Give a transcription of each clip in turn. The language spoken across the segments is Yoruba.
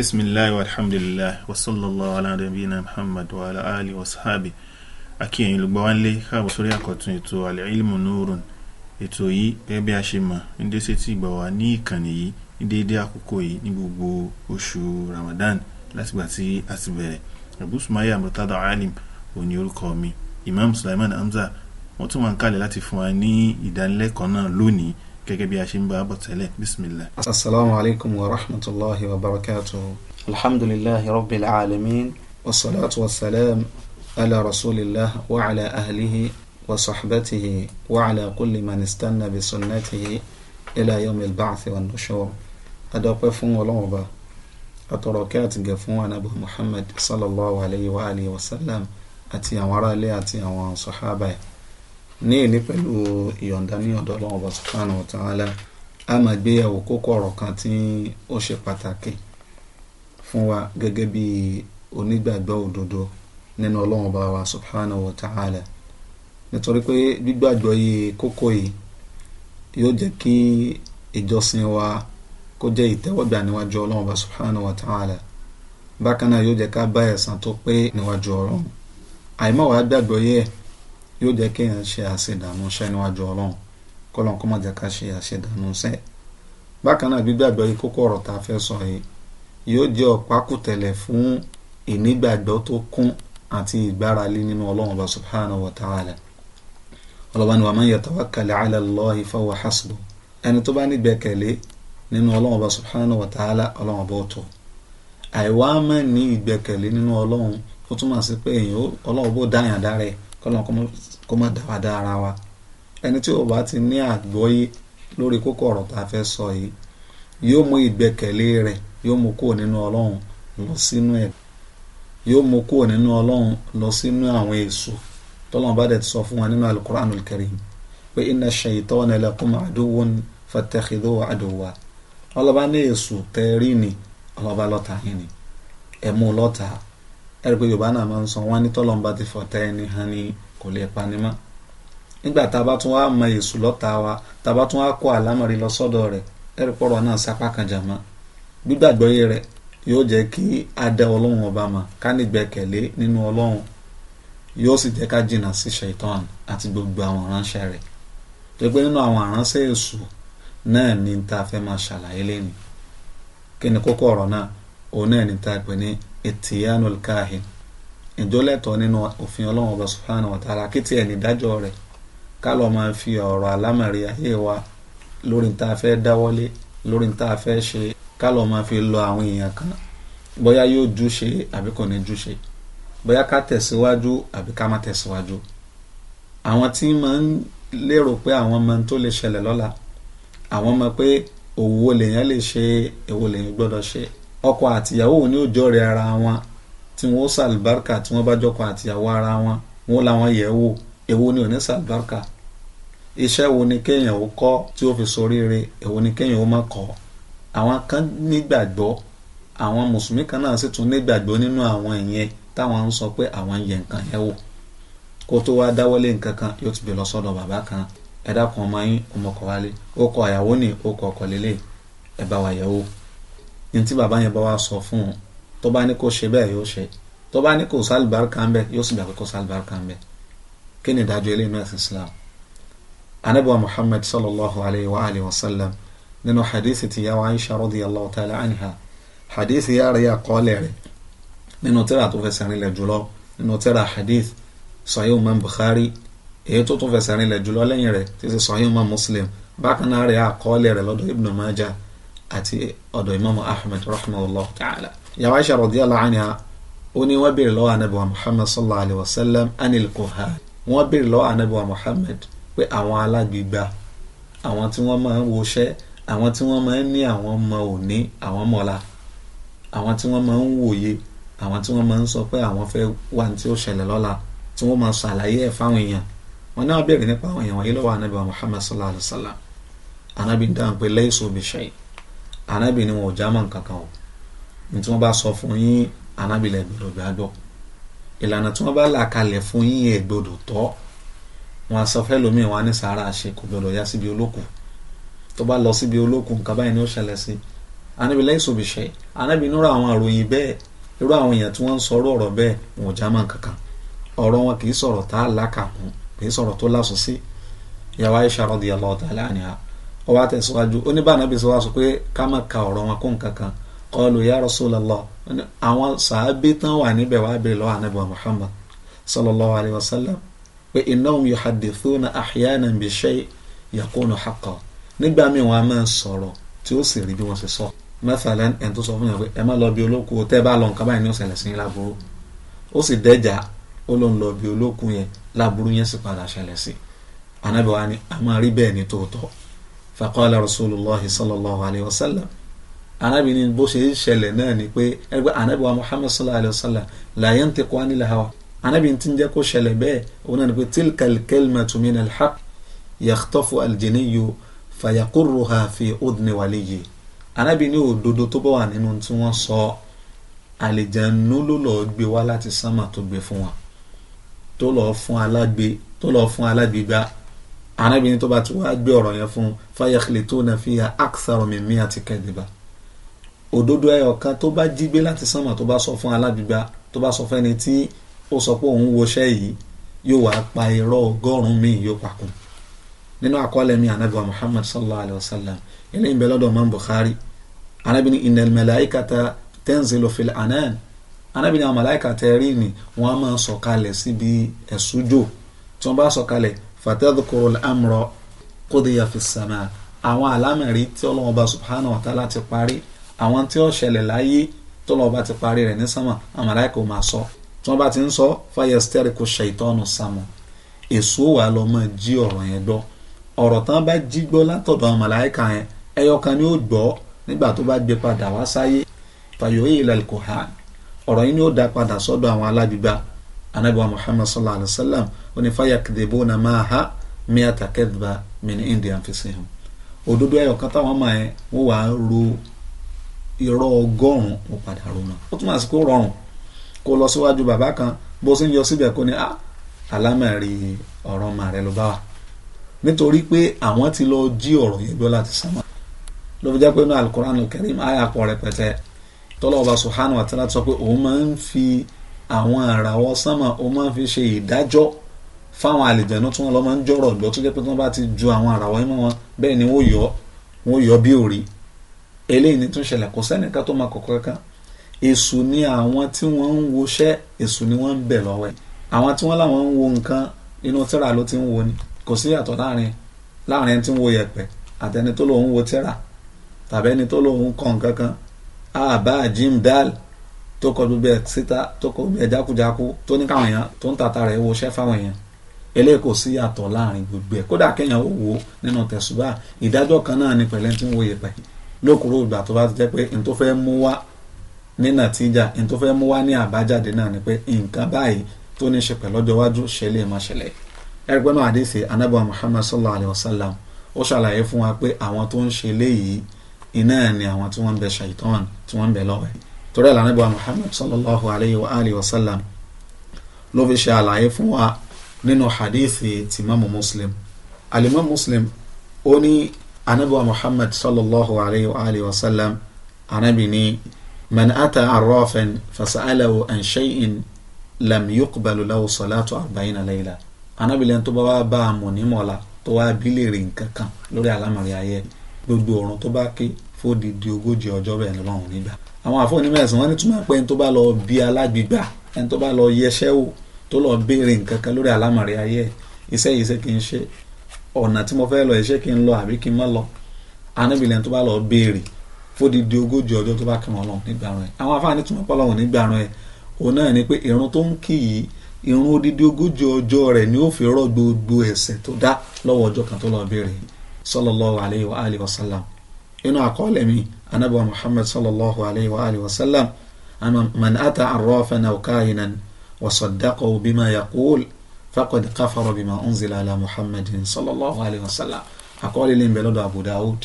bisimilahi alhamdulilahi wasallallahu ala nabiyina muhammad wa ala ali wa sahabi akínyìn olùgbọ́ wa ń lé káàbọ̀ sórí àkọ́tún ètò al-ilmu nurun ètò yìí gẹ́gẹ́ bí a ṣe mọ̀ ń dé sétí ìgbà wa ní ìkànnì yìí ní déédéé àkókò yìí ní gbogbo oṣù ramadan látìgbà tí a ti bẹ̀rẹ̀ abu sumaya murtada alim òní orúkọ mi imam sulaiman hamza wọ́n tún wà ń láti fún wa ní ìdánilẹ́kọ̀ọ́ náà lónìí gẹ́gẹ́ bí a ṣe ń bá a bọ̀ tẹ́lẹ̀ bisimilah. asalaamu alaykum wa rahmatulahi wa barakatuhu. alhamdulilahi rabbil alamin. wasalaatu wasalaam ala rasulillah wa ala ahlihi wa saxbatihi wa ala kulli man istanna bi sunnatihi ila yawmi albacthi wa nushur. adọ́pẹ́ fún ọlọ́run ọba àtọ̀rọ̀ kẹ́ àtìgẹ̀ fún muhammad sallallahu alayhi wa alihi wa sallam àti àwọn aráalé àti àwọn sọ̀hábà ní èní pẹ̀lú ìyọ̀ǹda ní ọ̀dọ̀ ọlọ́run ọba subhanahu wa ta'ala a máa gbé yẹ̀wò kókó ọ̀rọ̀ kan tí ó ṣe pàtàkì fún wa gẹ́gẹ́ bí onígbàgbọ́ òdodo nínú ọlọ́run ọba wa subhanahu wa ta'ala nítorí pé gbígbàgbọ́ yìí kókó yìí yóò jẹ́ kí ìjọsìn wa kó jẹ́ ìtẹ́wọ́gbà níwájú ọlọ́run ọba subhanahu wa ta'ala bákan náà yóò jẹ́ ká bá ẹ̀san tó pé níwájú ọlọ́run àìmọ̀ wàá gbàgbọ́ yìí yóò jẹ́ kéèyàn ṣe àṣedànù iṣẹ́ níwájú ọlọ́run kọ́lọ́n kó má jẹ́ ká ṣe àṣedànù iṣẹ́ bákan náà gbígbàgbọ́ yìí kókó ọ̀rọ̀ tá a fẹ́ sọ yìí yóò jẹ́ ọ̀pákùtẹ̀lẹ̀ fún ìnígbàgbọ́ tó kún àti ìgbáralé nínú ọlọ́run ọba subhanahu wa ta'ala ọlọ́ba ni wa man yatawakkal ala Allahi fahuwa hasbuh ẹni tó bá nígbẹ́kẹ̀lé nínú ọlọ́run ọba subhanahu wa ta'ala ọlọ́run kọ́lọ́n kó má dáadáa ara wa ẹni tí ó bá ti ní àgbọ́yé lórí kókó ọ̀rọ̀ tá a fẹ́ sọ yìí yóò mú ìgbẹ́kẹ̀lé rẹ̀ yóò mú kúrò nínú ọlọ́run lọ sínú ẹ̀ yóò mú kúrò nínú ọlọ́run lọ sínú àwọn èṣù tọ́lọ́n bá dẹ̀ ti sọ fún wa nínú alukur'anul karim pé inna shaytana lakum aduwwun fattakhidhuhu aduwwa ọlọ́ba ní èṣù tẹ́rí ni ọlọ́ba lọ́ta yìí ni ẹ̀mú lọ́ta ẹ̀rọ pé yorùbá náà máa ń sọ wọ́n ní ẹni hàn ní kò lè pani mọ́ nígbà tá a bá tún wá mọ èṣù lọ́ta wa tá wá kó àlámọ̀rí lọ sọ́dọ̀ rẹ̀ náà sápá gbígbàgbọ́ yé rẹ̀ yóò jẹ́ kí ọba mọ̀ ká nínú ọlọ́run yóò sì jẹ́ ká jìnnà sí àti gbogbo àwọn ìtìyánu káhìn ìjọlẹ̀tọ̀ nínú òfin ọlọ́run ọba subhanahu wa ta'ala kí tiẹ̀ nídájọ́ rẹ̀ ká lọ́ọ́ máa fi ọ̀rọ̀ alámọ̀rí ayé wa lórí ní tá a fẹ́ dáwọ́lé lórí ní tá a fẹ́ ṣe ká lọ́ọ́ máa fi lọ àwọn èèyàn kan bóyá yóò jú ṣe àbí kò ní jú ṣe bóyá ká tẹ̀síwájú àbí ká má tẹ̀síwájú àwọn tí máa ń lérò pé àwọn mọ tó lè ṣẹlẹ̀ lọ́la àwọn mọ pé òwò lèèyàn lè ṣe èwo lèèyàn gbọ́dọ̀ ṣe ọkọ àtìyàwó ní òjọ rẹ ara wọn tí wọn ó sàlùbáríkà tí wọn bá jọkọ àtìyàwó ara wọn wọn ó làwọn yẹ̀ wò èwo ni ò ní sàlùbáríkà iṣẹ́ wo ni kéèyàn ó kọ́ tí ó fi ṣoríire èwo ni kéèyàn ó má kọ́ àwọn kan nígbàgbọ́ àwọn mùsùlùmí kan náà sì tún nígbàgbọ́ nínú àwọn ìyẹn táwọn ń sọ pé àwọn ń yẹ̀ nǹkan yẹ̀ wò kó tó wá dáwọ́lé nǹkan kan yóò ti bẹ̀ lọ sọ́dọ̀ bàbá kan ẹ dákun ọmọ yín ọmọkọ̀ wálé ó kọ àyàwó ni ó kọ ọkọ̀ lélẹ̀ ẹ bá wa yẹ̀ ní tí bàbá yẹn bá wá sọ fún un tó bá ní kó ṣe bẹ́ẹ̀ yóò ṣe tó bá ní kò sálùbáríkà ń bẹ yóò sì gbà pé kò sálùbáríkà ń bẹ kí ni ìdájọ́ eléyìí náà sí Islam anabiwa Muhammad sallallahu alayhi wa alihi wa sallam nínú hadith ti yàwó Aisha radiyallahu ta'ala anha hadith yàrá yà kọ́lẹ̀ rẹ̀ nínú tírà tó fẹsẹ̀ rinlẹ̀ jùlọ nínú tírà hadith sahih imam Bukhari èyí tó tó fẹsẹ̀ rinlẹ̀ jùlọ lẹ́yìn rẹ̀ ti sahih imam Muslim bákan náà rẹ̀ àkọọ́lẹ̀ rẹ̀ lọ́dọ̀ Ibn Majah àti ọ̀dọ̀ imamu ahmed rahimahullah ta'ala yàrá aisha radiyallahu anha ó ní wọ́n béèrè lọ́wọ́ anabi wa muhammad sallallahu alayhi wa sallam anil kohan wọ́n béèrè lọ́wọ́ anabi wa muhammad pé àwọn alágbègbà àwọn tí wọ́n máa ń woṣẹ́ àwọn tí wọ́n máa ń ní àwọn ọmọ òní àwọn mọ́la àwọn tí wọ́n máa ń wòye àwọn tí wọ́n máa ń sọ pé àwọn fẹ́ wá ní tí ó ṣẹlẹ̀ lọ́la tí wọ́n máa ṣàlàyé ẹ̀ fáwọn èèyàn wọn náà béèrè nípa àwọn èèyàn wọ̀nyí lọ́wọ́ anabi wa sallallahu alayhi wa sallam anabi dáhùn pé laysu bi shay anábì ni wọn ò já mọ́ nǹkan kan o ní tí wọ́n bá sọ fún yín anábì lẹ gbọ́dọ̀ gbàgbọ́ ìlànà tí wọ́n bá là kalẹ̀ fún yín ẹ̀ gbọ́dọ̀ tọ́ wọn sọ fẹ́ lómi wọn á ní sàárà ṣe kò gbọ́dọ̀ yá síbi olókùn tó bá lọ síbi olókùn nǹkan báyìí ni ó ṣẹlẹ̀ sí anábì lẹ́yìn sòbìṣẹ́ anábì nírú àwọn àròyìn bẹ́ẹ̀ irú àwọn èèyàn tí wọ́n ń sọrú ọ̀rọ̀ bẹ́ẹ̀ wọn ò já mọ́ nǹkan kan ọ̀rọ̀ wọn kì í sọ̀rọ̀ tá a lákàkún kì í sọ̀rọ̀ tó lásùn sí ìyàwó Aisha radiyallahu ta'ala anha ọwọ́ àtẹ̀síwájú oníbànàbí sọ wá sọ pé ká má ka ọ̀rọ̀ wọn kún kankan qalu ya Rasulullah àwọn sàábé tán wà níbẹ̀ wá bèrè lọ́wọ́ anábì Muhammad sallallahu alayhi wa sallam pé innahum yuhaddithuna ahyanan bi shay' yakunu haqqan nígbà míì wọn a máa sọ̀rọ̀ tí ó sì rí bí wọ́n ṣe sọ mathalan ẹni tó sọ fún yàn pé ẹ má lọ bí olókùn tẹ́ bá lọ nǹkan báyìí ní ọ̀sẹ̀ lẹ́sìn láburú ó sì dẹ́jà ó ló ń lọ bí olókùn yẹn láburú yẹn sì padà ṣẹlẹ̀ sí anábìwá ni a máa rí bẹ́ẹ̀ ní tòótọ́ faqala rasulillah sallallahu alayhi wa sallam anabi ni bó ṣe ń ṣẹlẹ̀ náà ni pé ẹgbẹ́ anabi wa muhammad sallallahu alayhi wa sallam la yantiqu anil hawa anabi ti ń jẹ́ kó ṣẹlẹ̀ bẹ́ẹ̀ òun náà ni pé tilka al-kalimatu min al-haqq yakhtafu al-jinniyu fayakurruha fi udni waliyi anabi ní òdodo tó bá wà nínú tí wọ́n sọ àlejànú ló lọ́ọ́ gbé wá láti sánmà tó gbé fún wa tó lọ́ọ́ fún alágbe tó lọ́ọ́ fún alágbègbà arábìnrin tó bá ti wá gbé ọ̀rọ̀ yẹn fún fayakhlituna fiha akthara min mi'ati kadhiba òdodo ẹyọ kan tó bá jí gbé láti sánmà tó bá sọ fún alábìgbà tó bá sọ fẹ́ni tí ó sọ pé òun wọṣẹ́ yìí yóò wá pa irọ́ ọgọ́rùn-ún míì yóò pakùn nínú àkọọ́lẹ̀ mi anabiwa muhammad sallallahu alayhi wa sallam eléyìí bẹ lọ́dọ̀ imam bukhari anabini innal malaikata tanzilu fil anan anabini àwọn mẹláìkà tẹ́ ni wọ́n á máa sọ̀kalẹ̀ síbi ẹ̀sùjò tí wọ́n bá sọ̀kalẹ̀ fatadukuru amrọ kódìyà fi sàmà àwọn àlámẹ̀rí tí ọlọ́wọ́n bá subhanahu wa ta'ala ti parí àwọn tí ó ṣẹlẹ̀ láyé tọ́lọ́wọ́n bá ti parí rẹ̀ ní sánmà àmàláìkò máa sọ tí wọ́n bá ti ń sọ fayesteri kò ṣàìtọ́nù sàmù èso wà lọ́ mọ́ jí ọ̀rọ̀ yẹn gbọ́ ọ̀rọ̀ tán bá jí gbọ́ látọ̀dọ̀ àmàláìkà yẹn ẹyọ kan ni ó gbọ́ nígbà tó bá gbé padà wá sáyé fayọ̀ èyí lẹ́lẹ́kọ̀ọ́ ọ̀rọ̀ yìí ni ó dá padà sọ́dọ̀ àwọn alágbègbè anabiwa muhammad sallallahu alayhi wa sallam onífàyà kìdìbónà máa ha miata kẹdìbà min india fi sí hàn òdodo ẹyọ kan táwọn máa yẹn wọ́n wàá ro irọ́ ọgọ́rùn-ún ó padà rona ó túmọ̀ sí kó rọrùn kó lọ síwájú bàbá kan bó ṣe ń yọ síbẹ̀ kó ní ah alámẹ̀rí ọ̀rọ̀ ọmọ rẹ ló bá wà nítorí pé àwọn ti lọ jí ọ̀rọ̀ yẹn gbọ́ láti sánmà ló fi jẹ́ pé inú alukoran karim ayà pọ̀ rẹpẹtẹ tọ́lọ́wọ́ subhanahu wa ta'ala sọ pé òun máa ń fi àwọn àràwọ̀ sánmà ó máa ń fi ṣe ìdájọ́ fáwọn àlejànú tí wọ́n lọ máa ń jọ̀rọ̀ gbọ́ tó jẹ́ pé tí wọ́n bá ti ju àwọn àràwọ̀ yìí mọ́ wọn bẹ́ẹ̀ ni wọ́n yọ wọ́n yọ bí òrí eléyìí ni tún ṣẹlẹ̀ kò sẹ́nìkan tó máa kọ̀kọ́ kankan èṣù ni àwọn tí wọ́n ń woṣẹ́ èṣù ni wọ́n ń bẹ̀ lọ́wọ́ ẹ̀ àwọn tí wọ́n láwọn ń wo nǹkan inú tírà ló ti ń wo ni kò sí yàtọ̀ láàrin láàrin ẹni tí ń wo yẹ̀pẹ̀ àtẹni tó lòun wo tírà tàbí ẹni tó lòun kọ̀ nǹkan kan àbá jim dal tó kọ gbogbo ẹ̀ síta tó kọ gbogbo ẹ̀ jákujáku tó ní káwọn èèyàn tó ń tata rẹ̀ wo iṣẹ́ fáwọn èèyàn eléyìí kò sí yàtọ̀ láàrin gbogbo ẹ̀ kódà kéèyàn ó wo nínú tẹ̀sùbà ìdájọ́ kan náà ni pẹ̀lẹ́ tí ń wo yẹ̀pẹ̀ lókùrú ìgbà tó bá ti jẹ́ pé n tó fẹ́ mú wá ní nàtíjà n tó fẹ́ mú wá ní àbájáde náà ni pé nǹkan báyìí tó ní ṣe pẹ̀lú ọjọ́ iwájú ṣẹlẹ̀ máa ṣẹlẹ̀ ẹgbẹ́ náà àdéhìsí anábọ̀ Muhammad sallallahu alayhi wa sallam ó ṣàlàyé fún wa pé àwọn tó ń ṣe léyìí iná ni àwọn tí wọ́n ń bẹ ṣàìtàn tí wọ́n ń bẹ lọ́wọ́ yìí torí àlànà ibùdó muhammad sallallahu alayhi wa alihi wa sallam ló fi ṣe àlàyé fún wa nínú hadithi ti mamu muslim alimam muslim ó ní anabiwa muhammad sallallahu alayhi wa alihi wa sallam anabi ni man ata arrafan fasa'alahu an shay'in lam yuqbalu lahu salatu arba'ina layla anabi lẹ́nu tó bá wá bá a mọ̀ ní mọ̀lá tó wá bílẹ̀ rè nkankan lórí àlámọ̀rí ayé gbogbo ọ̀run tó bá ké fódìdí ogójì ọjọ́ bẹ́ẹ̀ lọ́wọ́n nígbà àwọn àfọ onímọ̀ ẹ̀sìn wọn ní túmọ̀ pé ẹni tó bá lọ bí alágbègbà ẹni tó bá lọ yẹsẹ́ wò tó lọ béèrè nǹkan kan lórí àlámọ̀rí ayé ẹ̀ iṣẹ́ yìí ṣe kí n ṣe ọ̀nà tí mo fẹ́ lọ iṣẹ́ kí n lọ àbí kí n má lọ anábìlẹ̀ tó bá lọ béèrè fódìdí ogójì ọjọ́ tó bá kàn wọ́n lọ nígbà rẹ̀ àwọn afáàní túmọ̀ pọ̀ lọ́wọ́ nígbà rẹ̀ òun náà ni pé irun tó ń kì í irun ni ó fi rọ́ gbogbo ẹ̀ṣẹ̀ tó dá lọ́wọ́ ọjọ́ sallallahu alayhi wa alihi wa anabuwa muhammad sallallahu alayhi wa alihi wa sallam man ata arrafan aw kahinan wa saddaqahu bima yaqul faqad kafara bima unzila ala muhammadin sallallahu alayhi wa sallam akọọlẹ lè ń bẹ lọ́dọ̀ abu dawud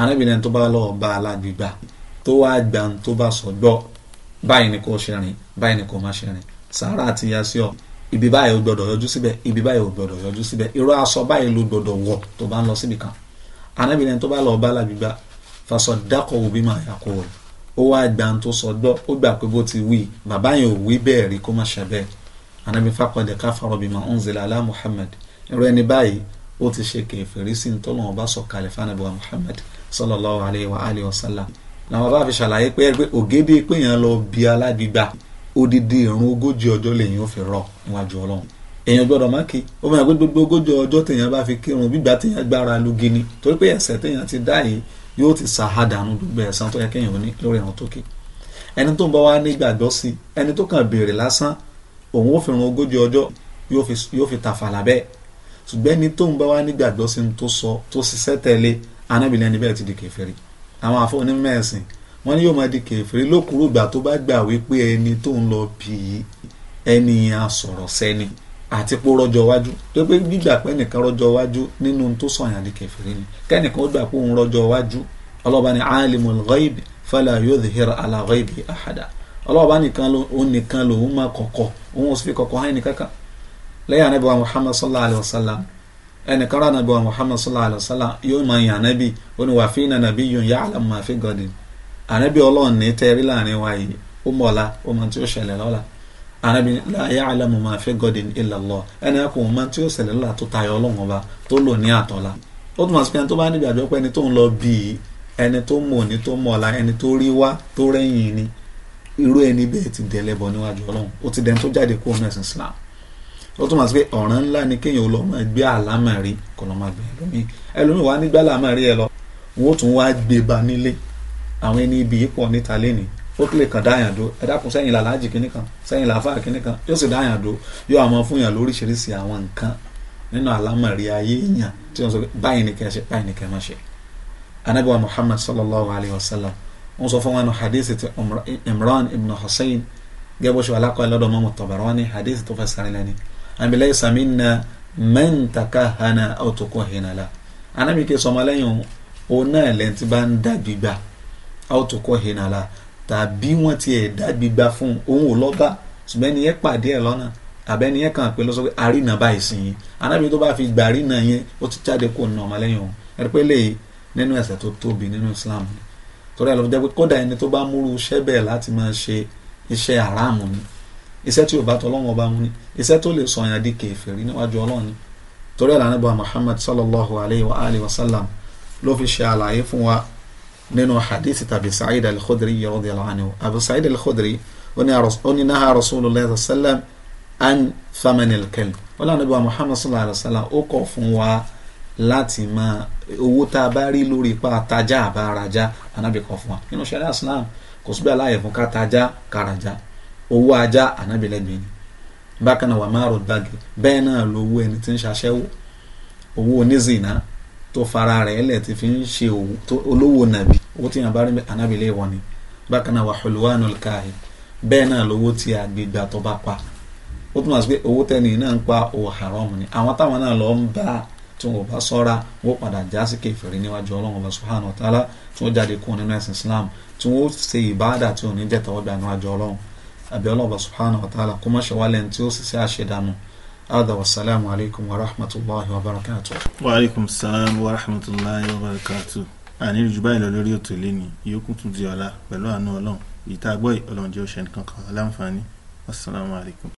arábìnrin tó bá lọ bá alágbègbà tó wá gbà tó bá sọ gbọ́ báyìí ni kò ṣe báyìí ni kò má ṣe sàárà àti yasí ibi báyìí ò gbọ́dọ̀ yọjú síbẹ̀ ibi báyìí ò gbọ́dọ̀ yọjú síbẹ̀ irú aṣọ báyìí ló gbọ́dọ̀ wọ̀ tó bá ń lọ síbi kan arábìnrin tó bá lọ bá alágbègbà fasaddaqahu bima yaqul ó wá gbà tó sọ gbọ́ ó gbà pé bó ti wí bàbá yẹn ò wí bẹ́ẹ̀ rí kó má ṣe bẹ́ẹ̀ anabi faqad kafara bima unzila ala muhammad irú ẹni báyìí ó ti ṣe kèfèrí sí ní tọ́lọ́wọ́n bá sọ kalẹ̀ fanabu muhammad sallallahu alayhi wa alihi wa sallam làwọn bá fi ṣàlàyé pé ògèdè pé èèyàn lọ bí alágbègbà odidi ìrún ogójì ọjọ́ lèyìn ó fi rọ níwájú ọlọ́run èèyàn gbọ́dọ̀ má kí ó máa gbé gbogbo ogójì ọjọ́ téèyàn bá fi kírun gbígbà téèyàn gbára lugini torí pé ẹ̀ṣẹ̀ téèyàn ti dá yìí yóò ti sàádànù gbogbo ẹ̀san tó yẹ kéèyàn ní lórí ìrun tó kí ẹni tó ń bá wa ní gbàgbọ́ sí ẹni tó kàn béèrè lásán òun ó fi run ogójì ọjọ́ yóò fi tàfàlà bẹ́ẹ̀ ṣùgbọ́n ẹni tó ń bá wa ní gbàgbọ́ sí tó sọ tó ṣiṣẹ́ tẹ̀lé anábìlẹ̀ ẹni bẹ́ẹ̀ ti di kèfèrí àwọn àfọ onímẹ̀sìn wọn ni yóò máa di kèfèrí lókùrú tó bá gbà wípé ẹni tó ń lọ bì ẹni asọ̀rọ̀ sẹ́ni àti pé rọjò iwájú tó pé gbígbà pé nìkan rọjò iwájú nínú tó sọyàn ní kẹfìrí ni kẹ́nìkan ó gbà pé òun rọjò iwájú ọlọ́ba ni alimul ghaibi fala yudhhir ala ghaibi ahada ọlọ́ba nìkan òun nìkan lòun máa kọ̀kọ̀ òun ò sì fi kọ̀kọ̀ hàn nìkankan lẹ́yìn anábìwá muhammad sallallahu alayhi wa sallam ẹnìkan rà anábìwá muhammad sallallahu alayhi wa sallam yóò máa yàn anábì ó ní fi iná nàbí yun ya'lam ma fi gọ́dìn anábì ọlọ́run ní tẹ́rí láàrin wa yìí ó mọ̀ọ́lá ó mọ̀ tí ó ṣẹlẹ̀ lọ́la arábìnrin la ya'lamu ma fi godin illa Allah ẹni ẹ kò mọ tí ó ṣẹlẹ̀ lọ́la tó tayọ ọlọ́run ọba tó lò ní àtọ́lá ó tún máa sọ pé ẹni tó bá níbi àjọpọ̀ ẹni tó ń lọ bíi ẹni tó mọ̀ ní tó mọ̀ ọ̀la ẹni tó rí wá tó rẹ́yìn ni irú ẹni bẹ́ẹ̀ ti dẹ̀lẹ́bọ̀ níwájú ọlọ́run ó ti dẹni tó jáde kó náà sin Islam ó tún máa sọ pé ọ̀ràn ńlá ni kéèyàn ó lọ máa gbé àlámà rí kó lọ máa gbé ẹlòmíì ẹlòmíì wá nígbà ó lè kàn dáyàn dó ẹ dákun sẹ́yìn làlájì kínní kan sẹ́yìn làáfà kínní kan yóò sì dáyàn dó yóò àmọ́ fún yàn lóríṣiríṣi àwọn nǹkan nínú àlámọ̀rí ayé yàn tí wọ́n sọ pé báyìí ni kẹ́ ṣe báyìí ni kẹ́ má ṣe. Ànábì wa Muhammad sallallahu alayhi wa sallam wọ́n sọ fún wa hadith ti Imran ibn Hussein gẹ́gẹ́ bó ṣe wà lákọ̀ọ́ lọ́dọ̀ mọ́mọ́ Tabarani hadith tó fẹ́ sáré lẹ́ni àbí laysa minna man takahana aw tukuhina la anábìkẹ́ sọmọlẹ́yìn òun náà lẹ́ntì bá ń dàgbìgbà aw tukuhina la tàbí wọ́n ti ẹ̀dá gbígba fún òun ò lọ́ba ṣùgbọ́n ẹni yẹn pàdé ẹ̀ lọ́nà àbẹ́ni yẹn kàn pé lọ́sọ pé àrínà báyìí sí yín anábìyẹn tó bá fi gbà àrínà yẹn ó ti jáde kó nà ọmọlẹ́yìn òun ẹni pé lè nínú ẹ̀ṣẹ̀ tó tóbi nínú Islam torí ẹ̀ lọ́ jẹ́ pé kódà ẹni tó bá múrú iṣẹ́ bẹ́ẹ̀ láti máa ṣe iṣẹ́ àràmù ni iṣẹ́ tí ò bá tọ́ lọ́wọ́ bá mú ni iṣẹ́ tó lè sọyàn di kèfèrí níwájú Ọlọ́run ni torí ẹ̀ Muhammad sallallahu alayhi wa wa sallam ló fi wa nínú hadith tàbí Sa'id al-Khudri radiyallahu anhu Abu Sa'id al-Khudri oní naha rasulullah sallam an thamanil kalb wọ́n lànà bá Muhammad sallallahu alayhi wa sallam ó kọ̀ fún wa láti máa owó tá a bá rí lórí ipa tajà àbárajà anábì kọ̀ fún wa nínú sẹ́lẹ̀ islam kò sí bí aláyẹ̀ fún ká tajà karajà owó ajá anábì lẹ́gbẹ̀ẹ́ ni bákan náà wà máa rọ̀ dàgẹ̀ bẹ́ẹ̀ náà lówó ẹni tí ń ṣaṣẹ́wó owó onízìnnà tó fara rẹ̀ lẹ̀ ti fi ń ṣe olówó nàbì owó tí yàn bá rí anábì lè wọ̀ ni bákan náà wà hulwanul kahin bẹ́ẹ̀ náà lówó tí agbègbè àtọ́ bá pa ó túmọ̀ sí pé owó tẹ́ni náà ń pa ò haram ni àwọn táwọn náà lọ ń bá tí wọn bá sọ́ra wọ́n padà já sí kèfèrí níwájú ọlọ́run ọba subhanahu wa tí wọ́n jáde kúrò nínú ẹ̀sìn islam tí wọ́n ṣe ìbáàdà tí ò ní jẹ́ tẹ́wọ́gbà níwájú ọlọ́run àbí ọlọ́run ọba subhanahu wa kó má ṣe wálẹ̀ ní tí ó sì ṣe هذا والسلام عليكم ورحمة الله وبركاته وعليكم السلام ورحمة الله وبركاته àní ìjùbá ìlọ lórí ètò ilé ni ìyókù tún di ọ̀la pẹ̀lú àánú ọlọ́run ìta gbọ́ ọlọ́run jẹ́ òṣèlú kankan aláǹfààní assalamu alaikum